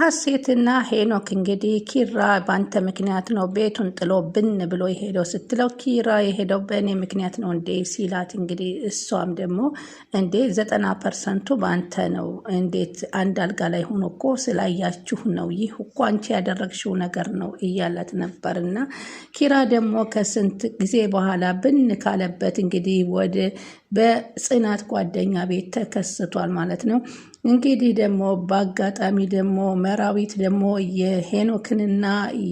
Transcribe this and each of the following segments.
ሀሴትና ሄኖክ እንግዲህ ኪራ በአንተ ምክንያት ነው ቤቱን ጥሎ ብን ብሎ የሄደው ስትለው ኪራ የሄደው በእኔ ምክንያት ነው እንዴ ሲላት እንግዲህ እሷም ደግሞ እንዴ ዘጠና ፐርሰንቱ በአንተ ነው እንዴት አንድ አልጋ ላይ ሆኖ እኮ ስላያችሁ ነው ይህ እኮ አንቺ ያደረግሽው ነገር ነው እያላት ነበር እና ኪራ ደግሞ ከስንት ጊዜ በኋላ ብን ካለበት እንግዲህ ወደ በጽናት ጓደኛ ቤት ተከስቷል ማለት ነው እንግዲህ ደግሞ በአጋጣሚ ደግሞ መራዊት ደግሞ የሄኖክንና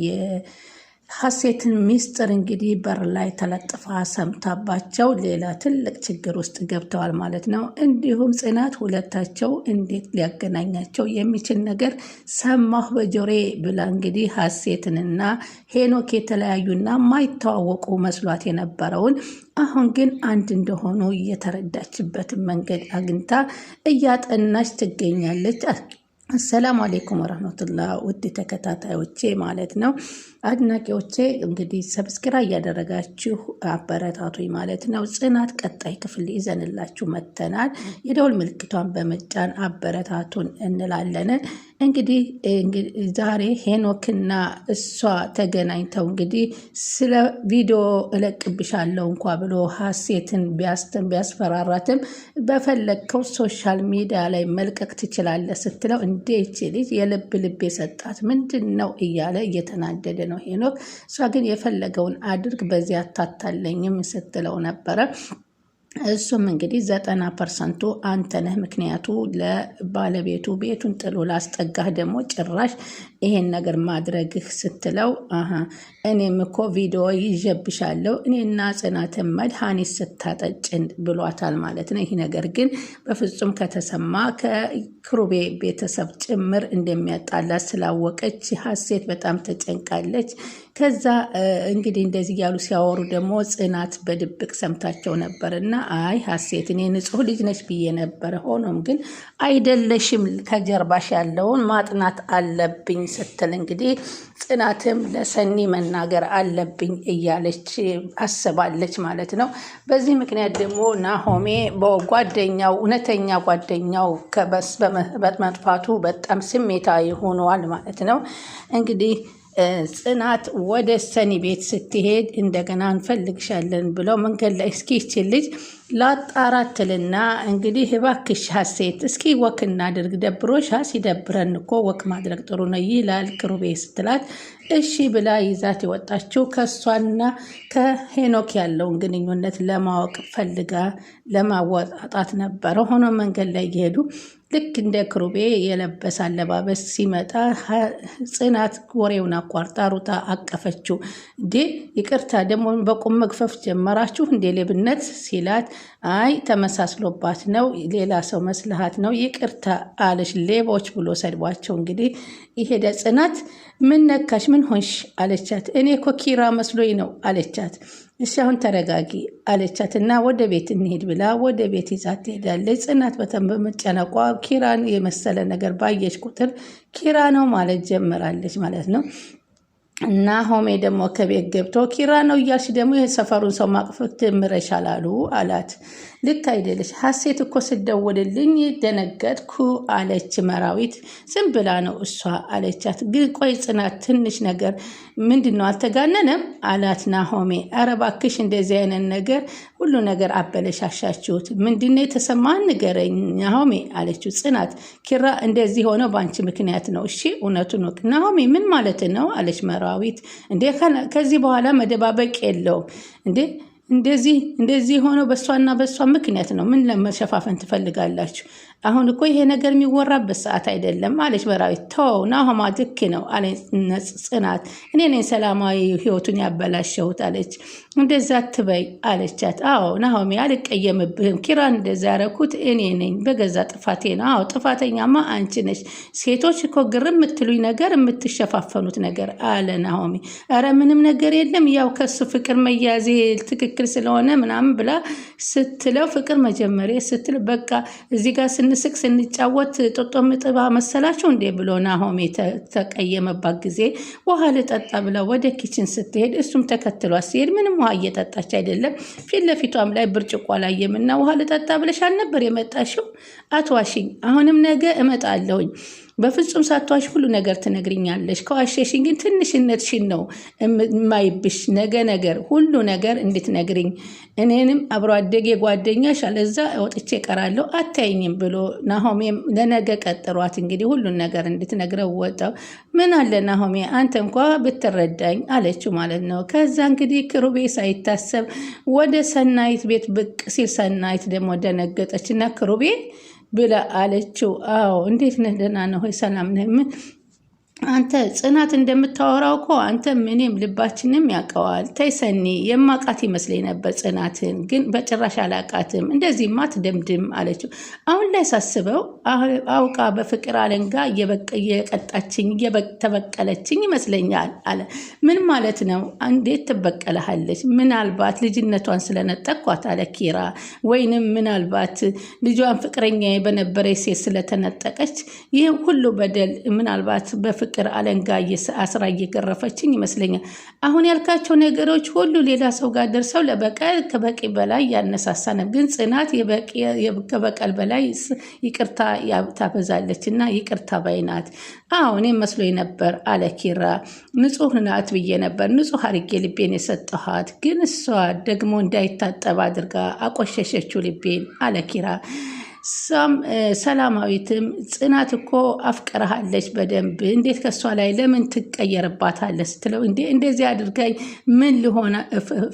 የሀሴትን ሚስጥር እንግዲህ በር ላይ ተለጥፋ ሰምታባቸው ሌላ ትልቅ ችግር ውስጥ ገብተዋል ማለት ነው። እንዲሁም ጽናት ሁለታቸው እንዴት ሊያገናኛቸው የሚችል ነገር ሰማሁ በጆሬ ብላ እንግዲህ ሀሴትንና ሄኖክ የተለያዩና ማይተዋወቁ መስሏት የነበረውን አሁን ግን አንድ እንደሆኑ እየተረዳችበትን መንገድ አግኝታ እያጠናች ትገኛለች። አሰላሙ አሌይኩም ወረህመቱላ ውድ ተከታታዮቼ ማለት ነው አድናቂዎቼ፣ እንግዲህ ሰብስክራ እያደረጋችሁ አበረታቱኝ ማለት ነው። ጽናት ቀጣይ ክፍል ይዘንላችሁ መጥተናል። የደውል ምልክቷን በመጫን አበረታቱን እንላለን። እንግዲህ ዛሬ ሄኖክና እሷ ተገናኝተው እንግዲህ ስለ ቪዲዮ እለቅብሻለሁ እንኳ ብሎ ሀሴትን ቢያስትን ቢያስፈራራትም በፈለግከው ሶሻል ሚዲያ ላይ መልቀቅ ትችላለህ ስትለው እንዴ ይቺ ልጅ የልብ ልብ የሰጣት ምንድን ነው እያለ እየተናደደ ነው ሄኖክ። እሷ ግን የፈለገውን አድርግ በዚያ አታታለኝም ስትለው ነበረ። እሱም እንግዲህ ዘጠና ፐርሰንቱ አንተ ነህ፣ ምክንያቱ ለባለቤቱ ቤቱን ጥሎ ላስጠጋህ ደግሞ ጭራሽ ይሄን ነገር ማድረግህ ስትለው እኔም እኮ ቪዲዮ ይዤብሻለሁ እኔና ጽናትን መድኃኒት ስታጠጭን ብሏታል ማለት ነው። ይህ ነገር ግን በፍጹም ከተሰማ ከክሩቤ ቤተሰብ ጭምር እንደሚያጣላ ስላወቀች ሀሴት በጣም ተጨንቃለች። ከዛ እንግዲህ እንደዚህ እያሉ ሲያወሩ ደግሞ ጽናት በድብቅ ሰምታቸው ነበር እና አይ ሀሴት እኔ ንጹሕ ልጅ ነች ብዬ ነበረ፣ ሆኖም ግን አይደለሽም፣ ከጀርባሽ ያለውን ማጥናት አለብኝ ስትል እንግዲህ ጽናትም ለሰኒ መና መናገር አለብኝ እያለች አስባለች ማለት ነው። በዚህ ምክንያት ደግሞ ናሆሜ በጓደኛው እውነተኛ ጓደኛው በመጥፋቱ በጣም ስሜታዊ ሆኗል ማለት ነው። እንግዲህ ጽናት ወደ ሰኒ ቤት ስትሄድ እንደገና እንፈልግሻለን ብለው መንገድ ላይ እስኪ ይችል ልጅ ላጣራትልና እንግዲህ እባክሽ ሀሴት እስኪ ወክ እናድርግ፣ ደብሮሻ? ሲደብረን እኮ ወክ ማድረግ ጥሩ ነው ይላል ቅሩቤ ስትላት እሺ ብላ ይዛት የወጣችው ከእሷና ከሄኖክ ያለውን ግንኙነት ለማወቅ ፈልጋ ለማወጣጣት ነበረ። ሆኖ መንገድ ላይ እየሄዱ ልክ እንደ ክሩቤ የለበሰ አለባበስ ሲመጣ ጽናት ወሬውን አቋርጣ ሩጣ አቀፈችው። እንዴ ይቅርታ ደግሞ በቁም መግፈፍ ጀመራችሁ እንዴ ሌብነት ሲላት አይ ተመሳስሎባት ነው፣ ሌላ ሰው መስልሃት ነው፣ ይቅርታ አለሽ ሌቦች ብሎ ሰድቧቸው። እንግዲህ ይሄደ ጽናት ምን ነካሽ? ምን ሆንሽ? አለቻት። እኔ እኮ ኪራ መስሎኝ ነው አለቻት። እሺ አሁን ተረጋጊ አለቻት እና ወደ ቤት እንሄድ ብላ ወደ ቤት ይዛት ትሄዳለች። ጽናት በተን በመጨነቋ ኪራን የመሰለ ነገር ባየች ቁጥር ኪራ ነው ማለት ጀምራለች ማለት ነው። እና ሆሜ ደግሞ ከቤት ገብቶ ኪራ ነው እያልሽ ደግሞ የሰፈሩን ሰው ማቅፈት ትምረሻል አሉ አላት። ልክ አይደለሽ። ሀሴት እኮ ስደወልልኝ ደነገጥኩ አለች መራዊት። ዝም ብላ ነው እሷ አለቻት። ግን ቆይ ጽናት፣ ትንሽ ነገር ምንድን ነው አልተጋነነም? አላት ናሆሜ። ኧረ እባክሽ እንደዚህ አይነት ነገር ሁሉ ነገር አበለሻሻችሁት። ምንድነው ነው የተሰማ ንገረኝ ናሆሜ አለችው ጽናት። ኪራ እንደዚህ ሆነው በአንቺ ምክንያት ነው። እሺ እውነቱን ወቅ ናሆሜ፣ ምን ማለት ነው አለች መራዊት። እንዴ ከዚህ በኋላ መደባበቅ የለውም እንዴ እንደዚህ እንደዚህ የሆነው በእሷና በእሷ ምክንያት ነው። ምን ለመሸፋፈን ትፈልጋላችሁ? አሁን እኮ ይሄ ነገር የሚወራበት ሰዓት አይደለም አለች በራዊት። ተው ናሆማ ልክ ነው አለ ጽናት። እኔ ነኝ ሰላማዊ ህይወቱን ያበላሸሁት አለች። እንደዛ ትበይ አለቻት። አዎ ናሆሚ አልቀየምብህም። ኪራን እንደዛ ያረኩት እኔ ነኝ በገዛ ጥፋቴ ነው። አዎ ጥፋተኛማ አንቺ ነች። ሴቶች እኮ ግር የምትሉኝ ነገር የምትሸፋፈኑት ነገር አለ ናሆሚ። ኧረ ምንም ነገር የለም ያው ከሱ ፍቅር መያዜ ትክክል ስለሆነ ምናምን ብላ ስትለው ፍቅር መጀመሪያ ስትል በቃ እዚህ ጋር ስንስቅ ስንጫወት ጦጦ ምጥባ መሰላችሁ እንዴ ብሎ ናሆሜ ተቀየመባት ጊዜ ውሃ ልጠጣ ብላ ወደ ኪችን ስትሄድ እሱም ተከትሏት ሲሄድ ምንም ውሃ እየጠጣች አይደለም። ፊት ለፊቷም ላይ ብርጭቆ አላየምና ውሃ ልጠጣ ብለሽ አልነበር የመጣሽው አትዋሽኝ። አሁንም ነገ እመጣለሁኝ። በፍጹም ሳትዋሽ ሁሉ ነገር ትነግርኛለሽ። ከዋሸሽኝ ግን ትንሽነትሽን ነው የማይብሽ። ነገ ነገር ሁሉ ነገር እንድትነግርኝ እኔንም አብሮ አደጌ ጓደኛሽ አለዛ ወጥቼ ቀራለሁ አታይኝም ብሎ ናሆሜ ለነገ ቀጥሯት እንግዲህ ሁሉን ነገር እንድትነግረው ወጣው። ምን አለ ናሆሜ አንተ እንኳ ብትረዳኝ አለችው ማለት ነው። ከዛ እንግዲህ ክሩቤ ሳይታሰብ ወደ ሰናይት ቤት ብቅ ሲል ሰናይት ደግሞ ደነገጠች እና ክሩቤ ብላ አለችው። አዎ እንዴት ነህ? ደህና ነህ ወይ? ሰላም ነህ? ምን አንተ ጽናት እንደምታወራው እኮ አንተም እኔም ልባችንም ያውቀዋል። ተይ ሰኒ፣ የማውቃት ይመስለኝ ነበር ጽናትን፣ ግን በጭራሽ አላውቃትም። እንደዚህማ ትደምድም አለችው። አሁን ላይ ሳስበው አውቃ በፍቅር አለንጋ እየቀጣችኝ እየተበቀለችኝ ይመስለኛል አለ። ምን ማለት ነው? እንዴት ትበቀለሃለች? ምናልባት ልጅነቷን ስለነጠቅኳት አለ ኪራ። ወይንም ምናልባት ልጇን ፍቅረኛ በነበረች ሴት ስለተነጠቀች ይህ ሁሉ በደል ምናልባት በፍ ፍቅር አለንጋ አስራ እየገረፈችኝ ይመስለኛል። አሁን ያልካቸው ነገሮች ሁሉ ሌላ ሰው ጋር ደርሰው ለበቀል ከበቂ በላይ ያነሳሳናል። ግን ጽናት ከበቀል በላይ ይቅርታ ታበዛለች እና ይቅርታ ባይ ናት። አዎ እኔም መስሎኝ ነበር አለ ኪራ። ንጹህ ናት ብዬ ነበር። ንጹህ አድርጌ ልቤን የሰጠኋት ግን እሷ ደግሞ እንዳይታጠብ አድርጋ አቆሸሸችው ልቤን አለ ኪራ። ሰላማዊትም ጽናት እኮ አፍቅረሃለች በደንብ እንዴት ከሷ ላይ ለምን ትቀየርባታለህ? ስትለው እንዴ እንደዚህ አድርጋኝ ምን ልሆነ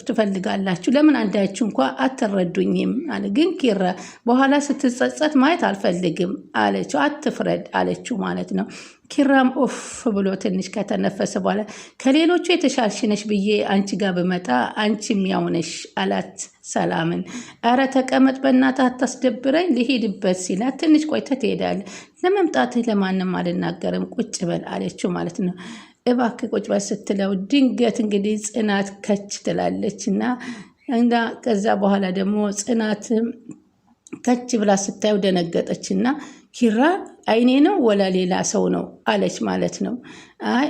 ትፈልጋላችሁ? ለምን አንዳችሁ እንኳ አትረዱኝም? አለ ግን ኪረ በኋላ ስትጸጸት ማየት አልፈልግም አለችው። አትፍረድ አለችው ማለት ነው። ኪራም ኦፍ ብሎ ትንሽ ከተነፈሰ በኋላ ከሌሎቹ የተሻልሽ ነሽ ብዬ አንቺ ጋር ብመጣ አንቺም ያው ነሽ አላት። ሰላምን አረ ተቀመጥ በእናትህ አታስደብረኝ፣ ልሄድበት ሲላት ትንሽ ቆይተህ ትሄዳለህ፣ ለመምጣትህ ለማንም አልናገርም፣ ቁጭ በል አለችው ማለት ነው። እባክህ ቁጭ በል ስትለው ድንገት እንግዲህ ጽናት ከች ትላለች እና እና ከዛ በኋላ ደግሞ ጽናት ከች ብላ ስታየው ደነገጠች እና ኪራ አይኔ ነው ወላ ሌላ ሰው ነው አለች ማለት ነው። አይ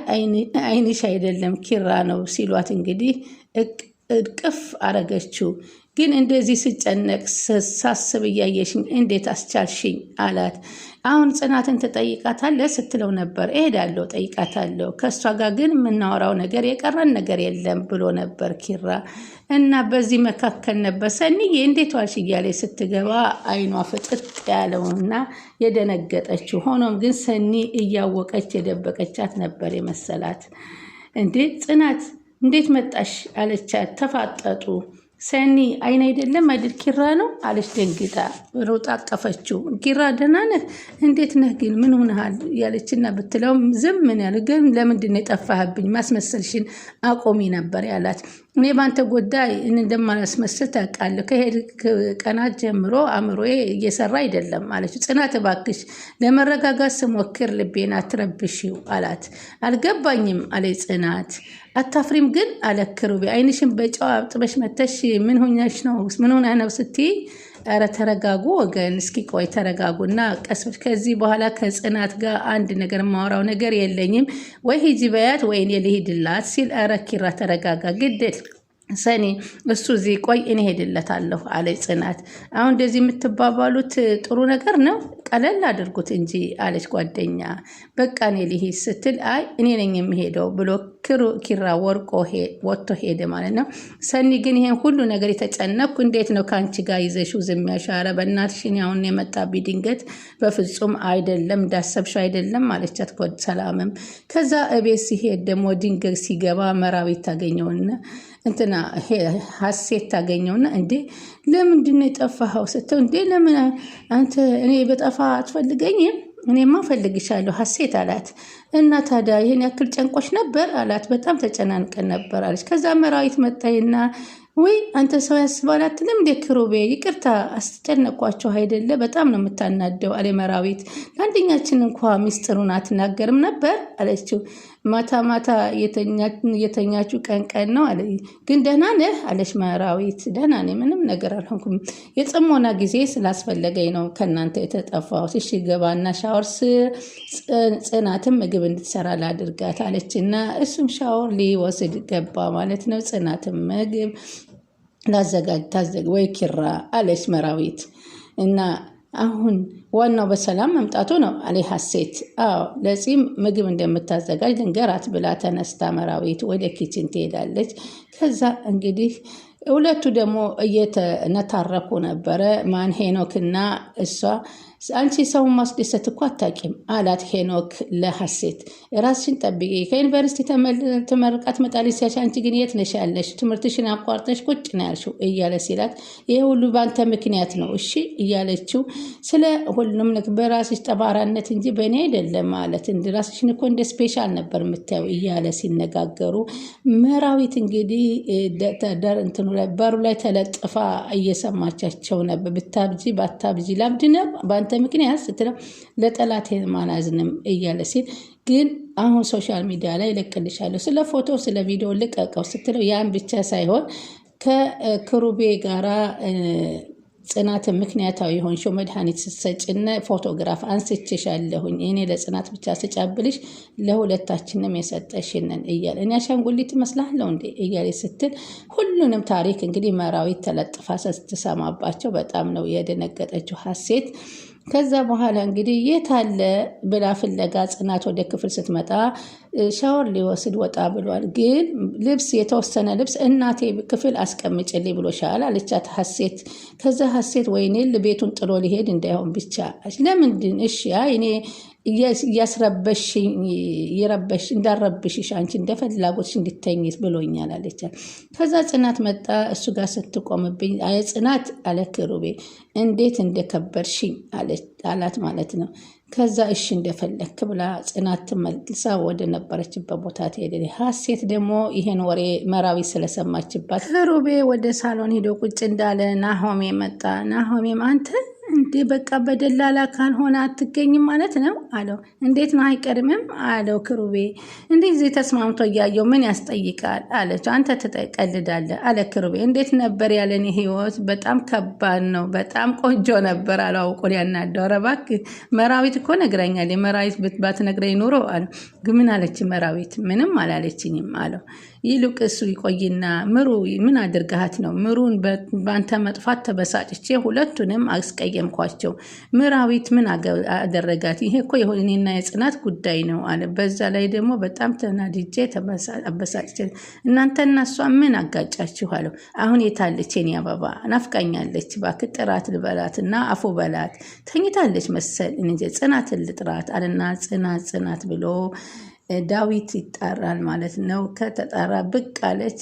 አይንሽ አይደለም ኪራ ነው ሲሏት እንግዲህ እቅፍ አረገችው። ግን እንደዚህ ስጨነቅ ሳስብ እያየሽኝ እንዴት አስቻልሽኝ? አላት። አሁን ጽናትን ትጠይቃታለህ ስትለው ነበር። እሄዳለሁ፣ ጠይቃታለሁ። ከእሷ ጋር ግን የምናወራው ነገር የቀረን ነገር የለም ብሎ ነበር ኪራ። እና በዚህ መካከል ነበር ሰኒዬ እንዴት ዋልሽ እያለ ስትገባ አይኗ ፍጥጥ ያለውና የደነገጠችው። ሆኖም ግን ሰኒ እያወቀች የደበቀቻት ነበር የመሰላት። እንዴ ጽናት እንዴት መጣሽ አለቻት። ተፋጠጡ ሰኒ አይን አይደለም አይደል ኪራ ነው አለች ደንግጣ። ሮጣ አቀፈችው። ኪራ ደህና ነህ? እንዴት ነህ ግን ምን ሆነሃል? ያለችና ብትለውም ዝም ምን ያለ ግን ለምንድን ነው የጠፋህብኝ? ማስመሰልሽን አቆሚ ነበር ያላት። እኔ በአንተ ጉዳይ እንደማላስመስል ታውቃለህ። ከሄድ ቀናት ጀምሮ አእምሮዬ እየሰራ አይደለም አለችው። ጽናት እባክሽ ለመረጋጋት ስሞክር ልቤን አትረብሺው አላት። አልገባኝም አለ ጽናት። አታፍሪም ግን አለ ክሩቤ። አይንሽን በጨው አብጥበሽ መተሽ ምን ሆነሽ ነው ምን ሆነ ነው ስትይ ኧረ ተረጋጉ ወገን፣ እስኪ ቆይ ተረጋጉ እና ቀስ ከዚህ በኋላ ከጽናት ጋር አንድ ነገር የማወራው ነገር የለኝም ወይ ሂጂ በያት ወይኔ ልሂድላት ሲል ኧረ ኪራ ተረጋጋ ግድል ሰኒ እሱ እዚህ ቆይ እኔ ሄድለታለሁ አለች ጽናት። አሁን እንደዚህ የምትባባሉት ጥሩ ነገር ነው፣ ቀለል አድርጉት እንጂ አለች ጓደኛ። በቃ እኔ ልሂድ ስትል አይ እኔ ነኝ የሚሄደው ብሎ ኪራ ወርቆ ወጥቶ ሄደ ማለት ነው። ሰኒ ግን ይሄን ሁሉ ነገር የተጨነኩ እንዴት ነው ከአንቺ ጋር ይዘሽው ዝም ያሻረ በእናትሽ፣ እኔ አሁን የመጣብኝ ድንገት በፍጹም አይደለም እንዳሰብሽው አይደለም አለቻት። ሰላምም ከዛ እቤት ሲሄድ ደግሞ ድንገት ሲገባ መራዊት ታገኘውና እንትና ሀሴት ታገኘውና እንዴ ለምንድን ነው የጠፋኸው? ስተው እንዴ ለምን አንተ እኔ በጠፋ አትፈልገኝም? እኔማ እፈልግሻለሁ ሀሴት አላት። እና ታዲያ ይህን ያክል ጨንቆች ነበር አላት። በጣም ተጨናንቀን ነበር አለች። ከዛ መራዊት መጣይና ወይ አንተ ሰው ያስባል አትልም እንዴ ክሩቤ፣ ይቅርታ አስጨነቋቸው አይደለ? በጣም ነው የምታናደው አለ መራዊት። ለአንደኛችን እንኳ ሚስጥሩን አትናገርም ነበር አለችው። ማታ ማታ የተኛችሁ ቀን ቀን ነው አለ። ግን ደህና ነህ አለች ማራዊት። ደህና ነኝ፣ ምንም ነገር አልሆንኩም። የጽሞና ጊዜ ስላስፈለገኝ ነው ከእናንተ የተጠፋው። እሺ ገባና ሻወር ስር፣ ጽናትም ምግብ እንድትሰራ ላድርጋት አለች እና እሱም ሻወር ሊወስድ ገባ ማለት ነው። ጽናትም ምግብ ላዘጋጅ ታዘግ ወይ ኪራ አለች መራዊት እና አሁን ዋናው በሰላም መምጣቱ ነው አለ ሀሴት። አዎ ለፂም ምግብ እንደምታዘጋጅ ልንገራት ብላ ተነስታ መራዊት ወደ ኪችን ትሄዳለች። ከዛ እንግዲህ ሁለቱ ደግሞ እየተነታረኩ ነበረ ማን ሄኖክና እሷ አንቺ ሰውን ማስደሰት እኮ አታቂም አላት ሄኖክ ለሐሴት። ራስሽን ጠብቂ፣ ከዩኒቨርሲቲ ተመርቃት መጣል ሲያልሽ አንቺ ግን የት ነሽ ያለሽ? ትምህርትሽን አቋርጠሽ ቁጭ ነው ያልሽው እያለ ሲላት ይሄ ሁሉ በአንተ ምክንያት ነው እሺ እያለችው ስለ ሁሉም በራስሽ ጠባራነት እንጂ በእኔ አይደለም ማለት እንዲ ራስሽን እኮ እንደ ስፔሻል ነበር የምታየው እያለ ሲነጋገሩ መራዊት እንግዲህ ደር እንትኑ ላይ በሩ ላይ ተለጥፋ እየሰማቻቸው ነበር። ብታብጂ ባታብጂ ላብድ ነው በአንተ ምክንያት ስትለው ለጠላት ማላዝንም እያለ ሲል ግን አሁን ሶሻል ሚዲያ ላይ እለቅልሻለሁ ስለ ፎቶ ስለ ቪዲዮ ልቀቀው ስትለው ያን ብቻ ሳይሆን ከክሩቤ ጋራ ጽናትን ምክንያታዊ የሆንሽው መድኃኒት ስትሰጭና ፎቶግራፍ አንስቼሻለሁኝ እኔ ለጽናት ብቻ ስጫብልሽ ለሁለታችንም የሰጠሽንን እያለ እኔ አሻንጉሊት እመስላለሁ እንዴ እያለ ስትል ሁሉንም ታሪክ እንግዲህ መራዊት ተለጥፋ ስትሰማባቸው በጣም ነው የደነገጠችው ሀሴት ከዛ በኋላ እንግዲህ የት አለ ብላ ፍለጋ ጽናት ወደ ክፍል ስትመጣ ሻወር ሊወስድ ወጣ ብሏል። ግን ልብስ የተወሰነ ልብስ እናቴ ክፍል አስቀምጭልኝ ብሎሻል አለቻት ሀሴት። ከዛ ሀሴት ወይኔ ቤቱን ጥሎ ሊሄድ እንዳይሆን ብቻ ለምንድን እሺ እኔ እያስረበሽኝ የረበሽ እንዳረብሽሽ አንቺ እንደ ፍላጎትሽ እንድተኝት ብሎኛል አለቻት። ከዛ ጽናት መጣ እሱ ጋር ስትቆምብኝ አይ ጽናት አለ ክሩቤ እንዴት እንደከበርሽኝ አላት ማለት ነው። ከዛ እሺ እንደፈለክ ብላ ጽናት ትመልሳ ወደ ነበረችበት ቦታ ትሄደ። ሀሴት ደግሞ ይሄን ወሬ መራዊ ስለሰማችባት ክሩቤ ወደ ሳሎን ሄዶ ቁጭ እንዳለ ናሆሜ መጣ። ናሆሜም አንተ እንዴ በቃ በደላላ ካልሆነ አትገኝም ማለት ነው አለው። እንዴት ነው አይቀድምም አለው ክሩቤ። እንደዚህ ተስማምቶ እያየው ምን ያስጠይቃል አለች። አንተ ትቀልዳለህ አለ ክሩቤ። እንዴት ነበር ያለን ህይወት? በጣም ከባድ ነው፣ በጣም ቆንጆ ነበር አለው። አውቆ ያናደው። ኧረ እባክህ መራዊት እኮ ነግራኛል፣ መራዊት ብትባት ነግረኝ ኑሮ አለ። ግን ምን አለች መራዊት? ምንም አላለችኝም አለው ይልቅ እሱ ይቆይና ምሩ ምን አድርገሃት ነው? ምሩን በአንተ መጥፋት ተበሳጭቼ ሁለቱንም አስቀየምኳቸው። ምራዊት ምን አደረጋት? ይሄ እኮ የሆኔና የጽናት ጉዳይ ነው አለ። በዛ ላይ ደግሞ በጣም ተናድጄ አበሳጭቼ እናንተና እሷ ምን አጋጫችሁ አለው። አሁን የታለች የኔ አበባ? ናፍቃኛለች። እባክህ ጥራት ልበላት እና አፎ በላት ተኝታለች መሰል እንጂ ጽናትን ልጥራት አለና ጽናት ጽናት ብሎ ዳዊት ይጣራል ማለት ነው። ከተጣራ ብቅ አለች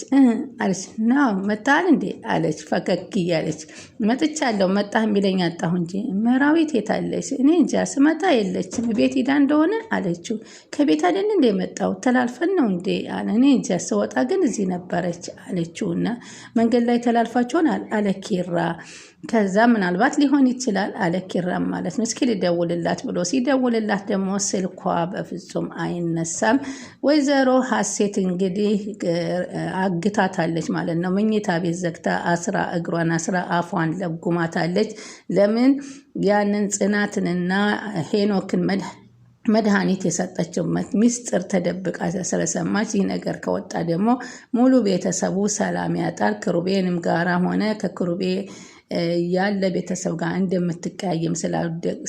አለች ና መጣል እንዴ አለች ፈገግ እያለች መጥቻለሁ። መጣህ የሚለኝ አጣሁ እንጂ መራዊት የታለች? እኔ እንጃ ስመጣ የለችም። ቤት ሂዳ እንደሆነ አለችው። ከቤት አይደል እንዴ መጣው ተላልፈን ነው እንዴ አለ። እኔ እንጃ ስወጣ ግን እዚህ ነበረች እና መንገድ ላይ ተላልፋችሆን አለኪራ ከዛ ምናልባት ሊሆን ይችላል አለ ኪራም ማለት ነው። እስኪ ሊደውልላት ብሎ ሲደውልላት ደግሞ ስልኳ በፍጹም አይነሳም። ወይዘሮ ሀሴት እንግዲህ አግታታለች ማለት ነው። መኝታ ቤት ዘግታ አስራ እግሯን አስራ አፏን ለጉማታለች። ለምን ያንን ጽናትንና ሄኖክን መድ መድኃኒት የሰጠችው ሚስጥር ተደብቃ ስለሰማች ይህ ነገር ከወጣ ደግሞ ሙሉ ቤተሰቡ ሰላም ያጣል። ክሩቤንም ጋራ ሆነ ከክሩቤ ያለ ቤተሰብ ጋር እንደምትቀያየም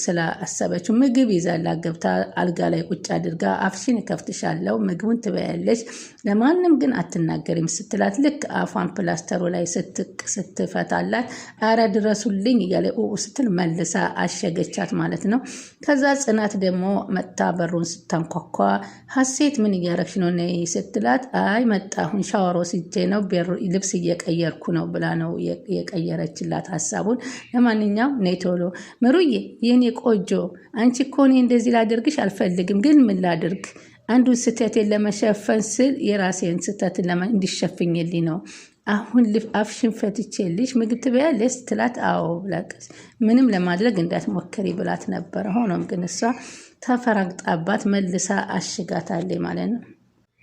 ስላሰበችው ምግብ ይዛላት ገብታ አልጋ ላይ ቁጭ አድርጋ አፍሽን ከፍትሻለው ምግቡን ትበያለች፣ ለማንም ግን አትናገሪም ስትላት ልክ አፏን ፕላስተሩ ላይ ስትፈታላት አረ ድረሱልኝ እያለ ስትል መልሳ አሸገቻት ማለት ነው። ከዛ ጽናት ደግሞ መጥታ በሩን ስታንኳኳ ሀሴት ምን እያረግሽ ነው ነይ ስትላት አይ መጣሁን ሻወር ወስጄ ነው ልብስ እየቀየርኩ ነው ብላ ነው የቀየረችላት። ሀሳቡን። ለማንኛውም ነይ ቶሎ ምሩዬ፣ የኔ ቆጆ፣ አንቺ እኮ እኔ እንደዚህ ላደርግሽ አልፈልግም፣ ግን ምን ላድርግ አንዱን ስህተቴን ለመሸፈን ስል የራሴን ስህተት እንዲሸፍኝልኝ ነው። አሁን አፍሽን ፈትቼልሽ ምግብ ትበያለሽ ስትላት አዎ ብላቀስ ምንም ለማድረግ እንዳትሞከሪ ብላት ነበረ። ሆኖም ግን እሷ ተፈራግጣባት መልሳ አሽጋታለች ማለት ነው።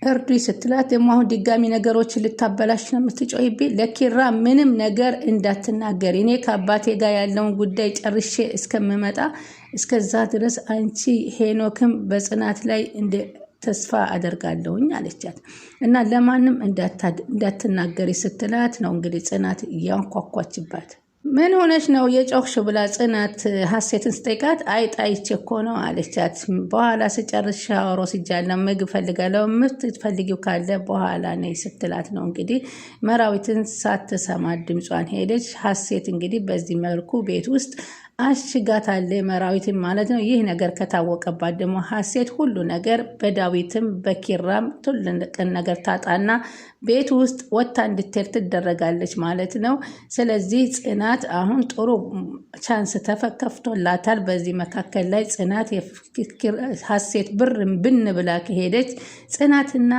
እርዱ ስትላት ደግሞ አሁን ድጋሚ ነገሮችን ልታበላሽ ነው የምትጮይብኝ። ለኪራ ምንም ነገር እንዳትናገር፣ እኔ ከአባቴ ጋር ያለውን ጉዳይ ጨርሼ እስከምመጣ እስከዛ ድረስ አንቺ ሄኖክም በጽናት ላይ እንደ ተስፋ አደርጋለሁኝ አለቻት እና ለማንም እንዳትናገሪ ስትላት ነው እንግዲህ ጽናት እያንኳኳችባት ምን ሆነች ነው የጮኽሽ ብላ ጽናት ሀሴትን ስጠይቃት አይጣይቼ እኮ ነው አለቻት። በኋላ ስጨርስ ሻወር ወስጃለሁ፣ ምግብ ፈልጋለሁ፣ የምትፈልጊው ካለ በኋላ ነይ ስትላት ነው እንግዲህ መራዊትን ሳትሰማ ድምጿን ሄደች። ሀሴት እንግዲህ በዚህ መልኩ ቤት ውስጥ አሽጋታለ መራዊትን ማለት ነው። ይህ ነገር ከታወቀባት ደግሞ ሀሴት ሁሉ ነገር በዳዊትም በኪራም ትልቅን ነገር ታጣና ቤት ውስጥ ወታ እንድትሄድ ትደረጋለች ማለት ነው። ስለዚህ ጽናት አሁን ጥሩ ቻንስ ተከፍቶላታል። በዚህ መካከል ላይ ጽናት ሀሴት ብር ብን ብላ ከሄደች ጽናትና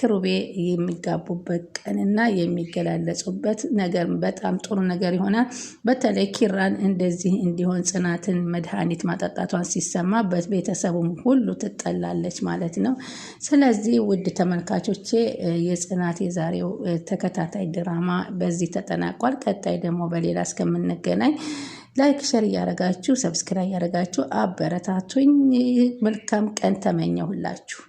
ክሩቤ የሚጋቡበት ቀንና የሚገላለጹበት ነገር በጣም ጥሩ ነገር ይሆናል። በተለይ ኪራን እንደዚህ እንዲሆን ጽናትን መድኃኒት ማጠጣቷን ሲሰማ በቤተሰቡም ሁሉ ትጠላለች ማለት ነው። ስለዚህ ውድ ተመልካቾቼ የጽናት የዛሬው ተከታታይ ድራማ በዚህ ተጠናቋል። ቀጣይ ደግሞ በሌላ እስከምንገናኝ ላይክ፣ ሸር እያደረጋችሁ ሰብስክራይብ እያደረጋችሁ አበረታቱኝ። መልካም ቀን ተመኘሁላችሁ።